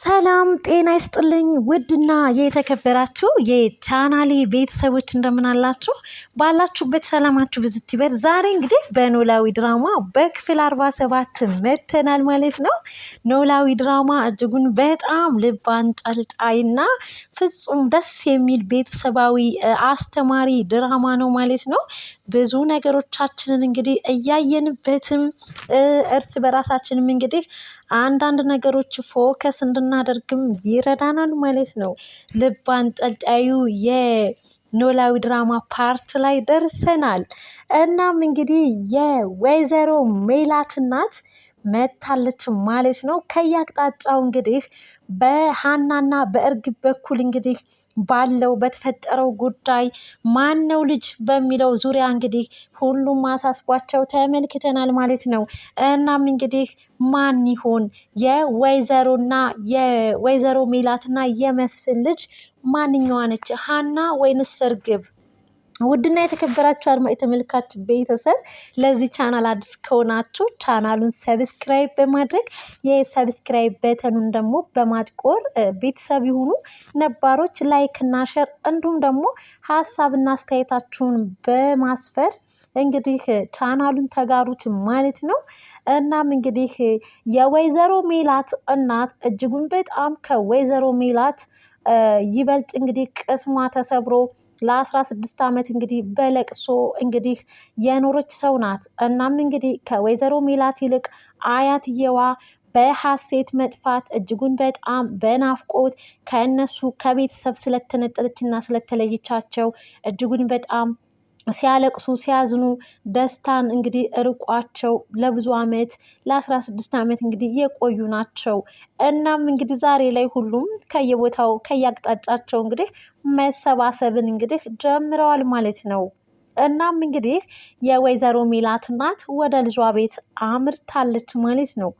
ሰላም ጤና ይስጥልኝ ውድና የተከበራችሁ የቻናሌ ቤተሰቦች እንደምናላችሁ ባላችሁበት ሰላማችሁ ብዝት ይበል። ዛሬ እንግዲህ በኖላዊ ድራማ በክፍል አርባ ሰባት መተናል ማለት ነው። ኖላዊ ድራማ እጅጉን በጣም ልብ አንጠልጣይና ፍጹም ደስ የሚል ቤተሰባዊ አስተማሪ ድራማ ነው ማለት ነው። ብዙ ነገሮቻችንን እንግዲህ እያየንበትም እርስ በራሳችንም እንግዲህ አንዳንድ ነገሮች ፎከስ እንድናደርግም ይረዳናል ማለት ነው። ልብ አንጠልጣዩ የኖላዊ ድራማ ፓርት ላይ ደርሰናል። እናም እንግዲህ የወይዘሮ ሜላት እናት መታለች ማለት ነው። ከየአቅጣጫው እንግዲህ በሀናና በእርግብ በኩል እንግዲህ ባለው በተፈጠረው ጉዳይ ነው ልጅ በሚለው ዙሪያ እንግዲህ ሁሉም አሳስቧቸው ተመልክተናል ማለት ነው። እናም እንግዲህ ማን ይሆን የወይዘሮና የወይዘሮ ሜላትና የመስፍን ልጅ ማንኛዋ ነች? ሀና ወይንስ እርግብ? ውድና የተከበራችሁ አድማጭ የተመልካች ቤተሰብ ለዚህ ቻናል አዲስ ከሆናችሁ ቻናሉን ሰብስክራይብ በማድረግ የሰብስክራይብ በተኑን ደግሞ በማጥቆር ቤተሰብ የሆኑ ነባሮች ላይክና ሸር እንዲሁም ደግሞ ሀሳብና አስተያየታችሁን በማስፈር እንግዲህ ቻናሉን ተጋሩት ማለት ነው። እናም እንግዲህ የወይዘሮ ሜላት እናት እጅጉን በጣም ከወይዘሮ ሜላት ይበልጥ እንግዲህ ቅስሟ ተሰብሮ ለአስራ ስድስት ዓመት እንግዲህ በለቅሶ እንግዲህ የኖረች ሰው ናት። እናም እንግዲህ ከወይዘሮ ሜላት ይልቅ አያትየዋ በሐሴት መጥፋት እጅጉን በጣም በናፍቆት ከእነሱ ከቤተሰብ ስለተነጠለችና ስለተለየቻቸው እጅጉን በጣም ሲያለቅሱ ሲያዝኑ ደስታን እንግዲህ እርቋቸው ለብዙ ዓመት ለአስራ ስድስት ዓመት እንግዲህ የቆዩ ናቸው። እናም እንግዲህ ዛሬ ላይ ሁሉም ከየቦታው ከየአቅጣጫቸው እንግዲህ መሰባሰብን እንግዲህ ጀምረዋል ማለት ነው። እናም እንግዲህ የወይዘሮ ሜላት እናት ወደ ልጇ ቤት አምርታለች ማለት ነው።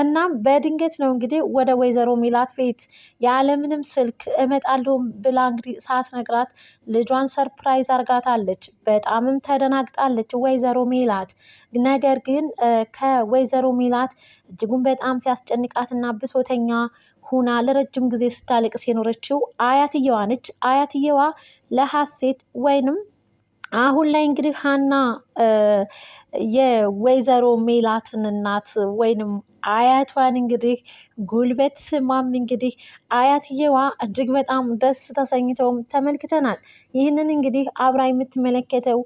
እናም በድንገት ነው እንግዲህ ወደ ወይዘሮ ሜላት ቤት ያለምንም ስልክ እመጣለሁ ብላ እንግዲህ ሳትነግራት ልጇን ሰርፕራይዝ አርጋታለች። በጣምም ተደናግጣለች ወይዘሮ ሜላት። ነገር ግን ከወይዘሮ ሜላት እጅጉን በጣም ሲያስጨንቃትና ብሶተኛ ሁና ለረጅም ጊዜ ስታለቅስ የኖረችው አያትየዋ ነች። አያትየዋ ለሀሴት ወይንም አሁን ላይ እንግዲህ ሀና የወይዘሮ ሜላትን እናት ወይንም አያቷን እንግዲህ ጉልበት ስማም እንግዲህ አያትየዋ እጅግ በጣም ደስ ተሰኝተውም ተመልክተናል። ይህንን እንግዲህ አብራ የምትመለከተው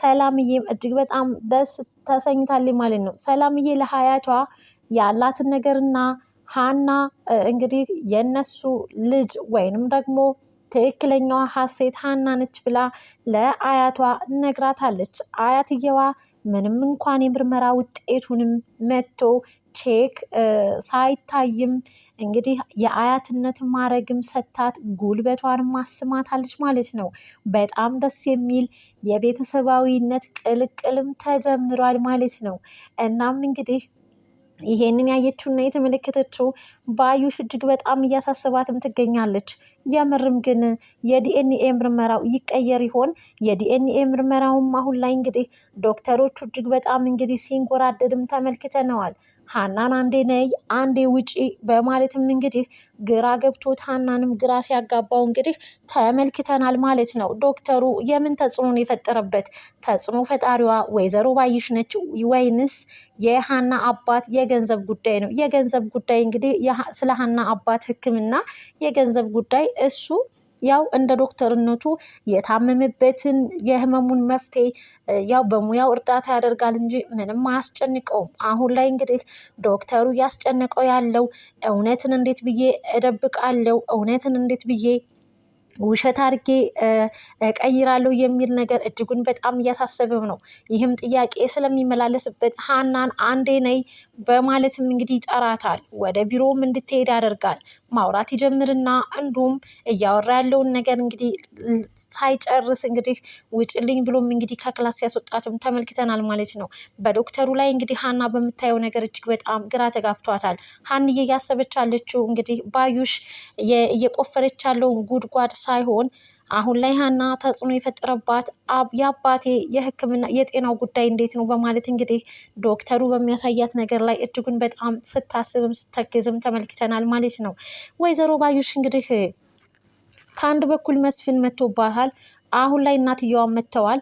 ሰላምዬም እጅግ በጣም ደስ ተሰኝታል ማለት ነው። ሰላምዬ ለሀያቷ ያላትን ነገርና ሀና እንግዲህ የነሱ ልጅ ወይንም ደግሞ ትክክለኛዋ ሀሴት ሀና ነች ብላ ለአያቷ ነግራታለች። አያትየዋ ምንም እንኳን የምርመራ ውጤቱንም መጥቶ ቼክ ሳይታይም እንግዲህ የአያትነት ማዕረግም ሰታት ጉልበቷን ማስማታለች ማለት ነው። በጣም ደስ የሚል የቤተሰባዊነት ቅልቅልም ተጀምሯል ማለት ነው። እናም እንግዲህ ይሄንን ያየችውና የተመለከተችው ባዩሽ እጅግ በጣም እያሳሰባትም ትገኛለች። የምርም ግን የዲኤንኤ ምርመራው ይቀየር ይሆን? የዲኤንኤ ምርመራውም አሁን ላይ እንግዲህ ዶክተሮቹ እጅግ በጣም እንግዲህ ሲንጎራደድም ተመልክተነዋል። ሀናን አንዴ ነይ አንዴ ውጪ በማለትም እንግዲህ ግራ ገብቶት ሀናንም ግራ ሲያጋባው እንግዲህ ተመልክተናል ማለት ነው። ዶክተሩ የምን ተጽዕኖን የፈጠረበት ተጽዕኖ ፈጣሪዋ ወይዘሮ ባይሽ ነች ወይንስ የሀና አባት የገንዘብ ጉዳይ ነው? የገንዘብ ጉዳይ እንግዲህ ስለ ሀና አባት ሕክምና የገንዘብ ጉዳይ እሱ ያው እንደ ዶክተርነቱ የታመመበትን የህመሙን መፍትሄ ያው በሙያው እርዳታ ያደርጋል እንጂ ምንም አያስጨንቀውም። አሁን ላይ እንግዲህ ዶክተሩ እያስጨነቀው ያለው እውነትን እንዴት ብዬ እደብቃለው እውነትን እንዴት ብዬ ውሸት አድርጌ ቀይራለሁ የሚል ነገር እጅጉን በጣም እያሳሰበው ነው። ይህም ጥያቄ ስለሚመላለስበት ሀናን አንዴ ነይ በማለትም እንግዲህ ይጠራታል። ወደ ቢሮውም እንድትሄድ ያደርጋል። ማውራት ይጀምርና እንዲሁም እያወራ ያለውን ነገር እንግዲህ ሳይጨርስ እንግዲህ ውጭልኝ ብሎም እንግዲህ ከክላስ ሲያስወጣትም ተመልክተናል ማለት ነው። በዶክተሩ ላይ እንግዲህ ሀና በምታየው ነገር እጅግ በጣም ግራ ተጋብቷታል። ሀንዬ እያሰበች ያለችው እንግዲህ ባዩሽ እየቆፈረች ያለውን ጉድጓድ ሳይሆን አሁን ላይ ሀና ተጽዕኖ የፈጠረባት የአባቴ የሕክምና የጤናው ጉዳይ እንዴት ነው በማለት እንግዲህ ዶክተሩ በሚያሳያት ነገር ላይ እጅጉን በጣም ስታስብም ስተክዝም ተመልክተናል ማለት ነው። ወይዘሮ ባዩሽ እንግዲህ ከአንድ በኩል መስፍን መቶባታል አሁን ላይ እናትየዋን መጥተዋል።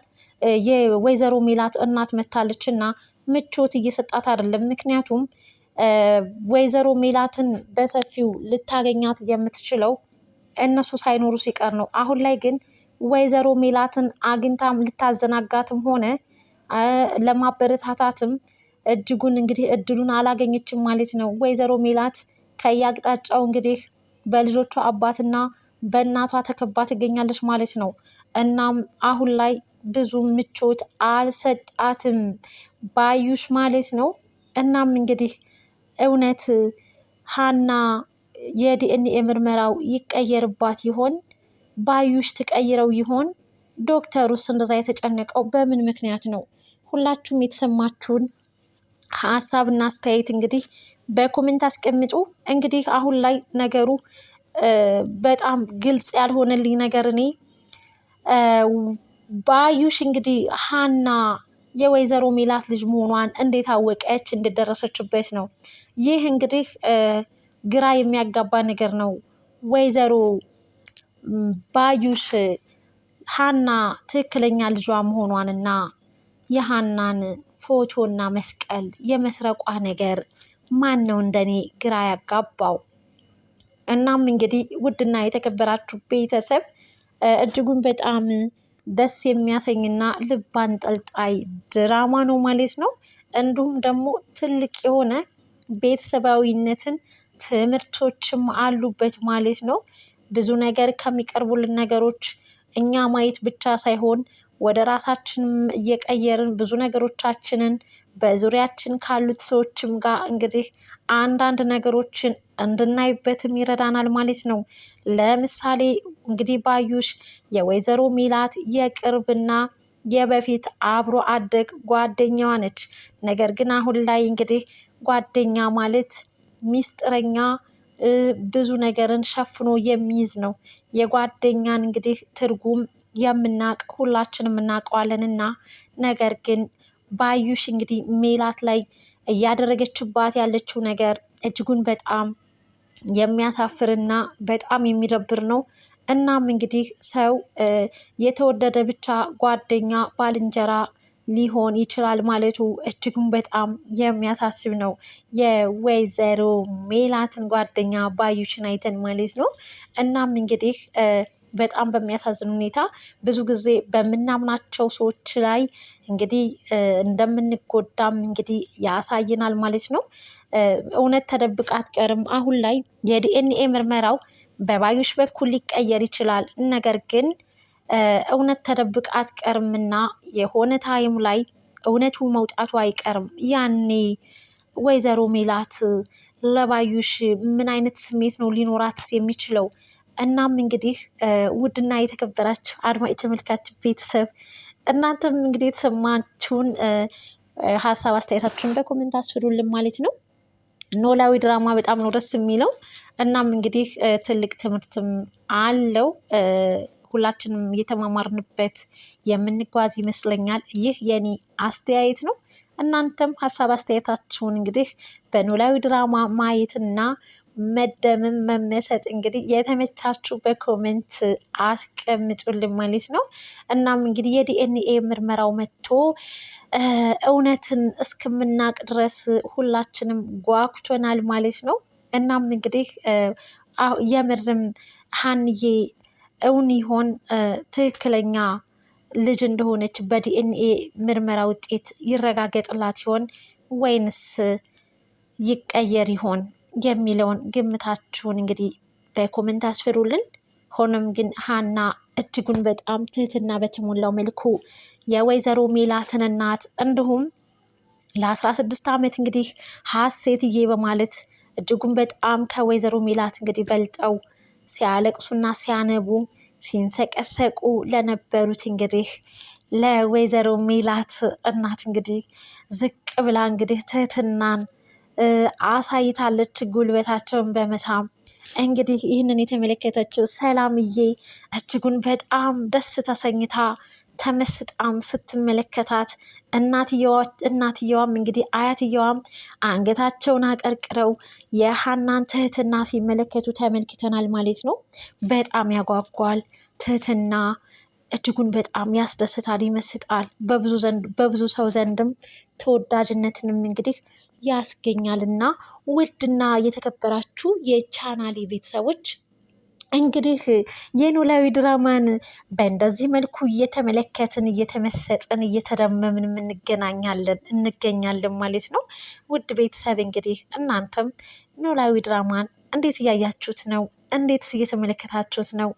የወይዘሮ ሜላት እናት መታለች እና ምቾት እየሰጣት አይደለም። ምክንያቱም ወይዘሮ ሜላትን በሰፊው ልታገኛት የምትችለው እነሱ ሳይኖሩ ሲቀር ነው። አሁን ላይ ግን ወይዘሮ ሜላትን አግኝታም ልታዘናጋትም ሆነ ለማበረታታትም እጅጉን እንግዲህ እድሉን አላገኘችም ማለት ነው። ወይዘሮ ሜላት ከየአቅጣጫው እንግዲህ በልጆቿ አባትና በእናቷ ተከባ ትገኛለች ማለት ነው። እናም አሁን ላይ ብዙ ምቾት አልሰጣትም ባዩሽ ማለት ነው። እናም እንግዲህ እውነት ሀና የዲኤንኤ ምርመራው ይቀየርባት ይሆን? ባዩሽ ትቀይረው ይሆን? ዶክተሩስ እንደዛ የተጨነቀው በምን ምክንያት ነው? ሁላችሁም የተሰማችሁን ሀሳብና አስተያየት እንግዲህ በኮሜንት አስቀምጡ። እንግዲህ አሁን ላይ ነገሩ በጣም ግልጽ ያልሆነልኝ ነገር እኔ ባዩሽ እንግዲህ ሀና የወይዘሮ ሜላት ልጅ መሆኗን እንዴት አወቀች? እንደደረሰችበት ነው ይህ እንግዲህ ግራ የሚያጋባ ነገር ነው። ወይዘሮ ባዩሽ ሀና ትክክለኛ ልጇ መሆኗንና የሀናን ፎቶና መስቀል የመስረቋ ነገር ማን ነው እንደኔ ግራ ያጋባው? እናም እንግዲህ ውድና የተከበራችሁ ቤተሰብ እጅጉን በጣም ደስ የሚያሰኝና ልብ አንጠልጣይ ድራማ ነው ማለት ነው። እንዲሁም ደግሞ ትልቅ የሆነ ቤተሰባዊነትን ትምህርቶችም አሉበት ማለት ነው። ብዙ ነገር ከሚቀርቡልን ነገሮች እኛ ማየት ብቻ ሳይሆን ወደ ራሳችንም እየቀየርን ብዙ ነገሮቻችንን በዙሪያችን ካሉት ሰዎችም ጋር እንግዲህ አንዳንድ ነገሮችን እንድናይበትም ይረዳናል ማለት ነው። ለምሳሌ እንግዲህ ባዩሽ የወይዘሮ ሚላት የቅርብና የበፊት አብሮ አደግ ጓደኛዋ ነች። ነገር ግን አሁን ላይ እንግዲህ ጓደኛ ማለት ሚስጥረኛ ብዙ ነገርን ሸፍኖ የሚይዝ ነው። የጓደኛን እንግዲህ ትርጉም የምናቅ ሁላችንም እና ነገር ግን ባዩሽ እንግዲህ ሜላት ላይ እያደረገችባት ያለችው ነገር እጅጉን በጣም የሚያሳፍርና በጣም የሚደብር ነው። እናም እንግዲህ ሰው የተወደደ ብቻ ጓደኛ ባልንጀራ ሊሆን ይችላል ማለቱ እጅጉን በጣም የሚያሳስብ ነው። የወይዘሮ ሜላትን ጓደኛ ባዩሽን አይተን ማለት ነው። እናም እንግዲህ በጣም በሚያሳዝን ሁኔታ ብዙ ጊዜ በምናምናቸው ሰዎች ላይ እንግዲህ እንደምንጎዳም እንግዲህ ያሳየናል ማለት ነው። እውነት ተደብቃ አትቀርም። አሁን ላይ የዲኤንኤ ምርመራው በባዮች በኩል ሊቀየር ይችላል። ነገር ግን እውነት ተደብቃ አትቀርምና የሆነ ታይም ላይ እውነቱ መውጣቱ አይቀርም። ያኔ ወይዘሮ ሜላት ለባዩሽ ምን አይነት ስሜት ነው ሊኖራት የሚችለው? እናም እንግዲህ ውድና የተከበራችሁ አድማጭ ተመልካች ቤተሰብ እናንተም እንግዲህ የተሰማችሁን ሀሳብ አስተያየታችሁን በኮሜንት አስፍሩልን ማለት ነው። ኖላዊ ድራማ በጣም ነው ደስ የሚለው። እናም እንግዲህ ትልቅ ትምህርትም አለው። ሁላችንም እየተማማርንበት የምንጓዝ ይመስለኛል። ይህ የኔ አስተያየት ነው። እናንተም ሀሳብ አስተያየታችሁን እንግዲህ በኖላዊ ድራማ ማየትና መደምም መመሰጥ እንግዲህ የተመቻችሁ በኮሜንት አስቀምጡልን ማለት ነው። እናም እንግዲህ የዲኤንኤ ምርመራው መጥቶ እውነትን እስክምናቅ ድረስ ሁላችንም ጓጉቶናል ማለት ነው። እናም እንግዲህ የምርም ሀንዬ እውን ይሆን ትክክለኛ ልጅ እንደሆነች በዲኤንኤ ምርመራ ውጤት ይረጋገጥላት ይሆን ወይንስ ይቀየር ይሆን የሚለውን ግምታችሁን እንግዲህ በኮመንት አስፍሩልን። ሆኖም ግን ሀና እጅጉን በጣም ትህትና በተሞላው መልኩ የወይዘሮ ሜላትን እናት እንዲሁም ለአስራ ስድስት ዓመት እንግዲህ ሀሴትዬ በማለት እጅጉን በጣም ከወይዘሮ ሜላት እንግዲህ በልጠው ሲያለቅሱና ሲያነቡ ሲንሰቀሰቁ ለነበሩት እንግዲህ ለወይዘሮ ሜላት እናት እንግዲህ ዝቅ ብላ እንግዲህ ትህትናን አሳይታለች ጉልበታቸውን በመሳም እንግዲህ ይህንን የተመለከተችው ሰላምዬ እጅጉን በጣም ደስ ተሰኝታ ተመስጣም ስትመለከታት እናትየዋም እንግዲህ አያትየዋም አንገታቸውን አቀርቅረው የሀናን ትህትና ሲመለከቱ ተመልክተናል ማለት ነው። በጣም ያጓጓል ትህትና እጅጉን በጣም ያስደስታል፣ ይመስጣል። በብዙ ሰው ዘንድም ተወዳጅነትንም እንግዲህ ያስገኛል እና ውድና የተከበራችሁ የቻናሌ ቤተሰቦች እንግዲህ የኖላዊ ድራማን በእንደዚህ መልኩ እየተመለከትን እየተመሰጥን እየተደመምን እንገናኛለን እንገኛለን ማለት ነው። ውድ ቤተሰብ እንግዲህ እናንተም ኖላዊ ድራማን እንዴት እያያችሁት ነው? እንዴትስ እየተመለከታችሁት ነው?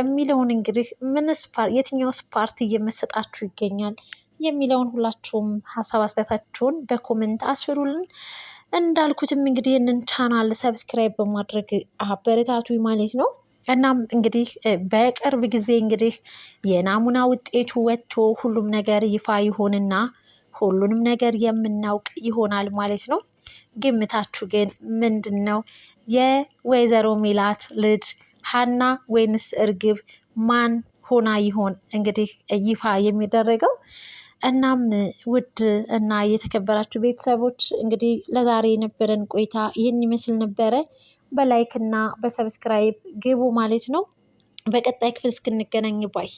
የሚለውን እንግዲህ ምንስ የትኛውስ ፓርቲ እየመሰጣችሁ ይገኛል የሚለውን ሁላችሁም ሀሳብ አስተያየታችሁን በኮመንት አስፍሩልን። እንዳልኩትም እንግዲህ ይህንን ቻናል ሰብስክራይብ በማድረግ አበረታቱ ማለት ነው። እናም እንግዲህ በቅርብ ጊዜ እንግዲህ የናሙና ውጤቱ ወጥቶ ሁሉም ነገር ይፋ ይሆንና ሁሉንም ነገር የምናውቅ ይሆናል ማለት ነው። ግምታችሁ ግን ምንድን ነው? የወይዘሮ ሜላት ልጅ ሀና ወይንስ እርግብ ማን ሆና ይሆን እንግዲህ ይፋ የሚደረገው? እናም ውድ እና የተከበራችሁ ቤተሰቦች እንግዲህ ለዛሬ የነበረን ቆይታ ይህን ይመስል ነበረ። በላይክ እና በሰብስክራይብ ግቡ ማለት ነው። በቀጣይ ክፍል እስክንገናኝ ባይ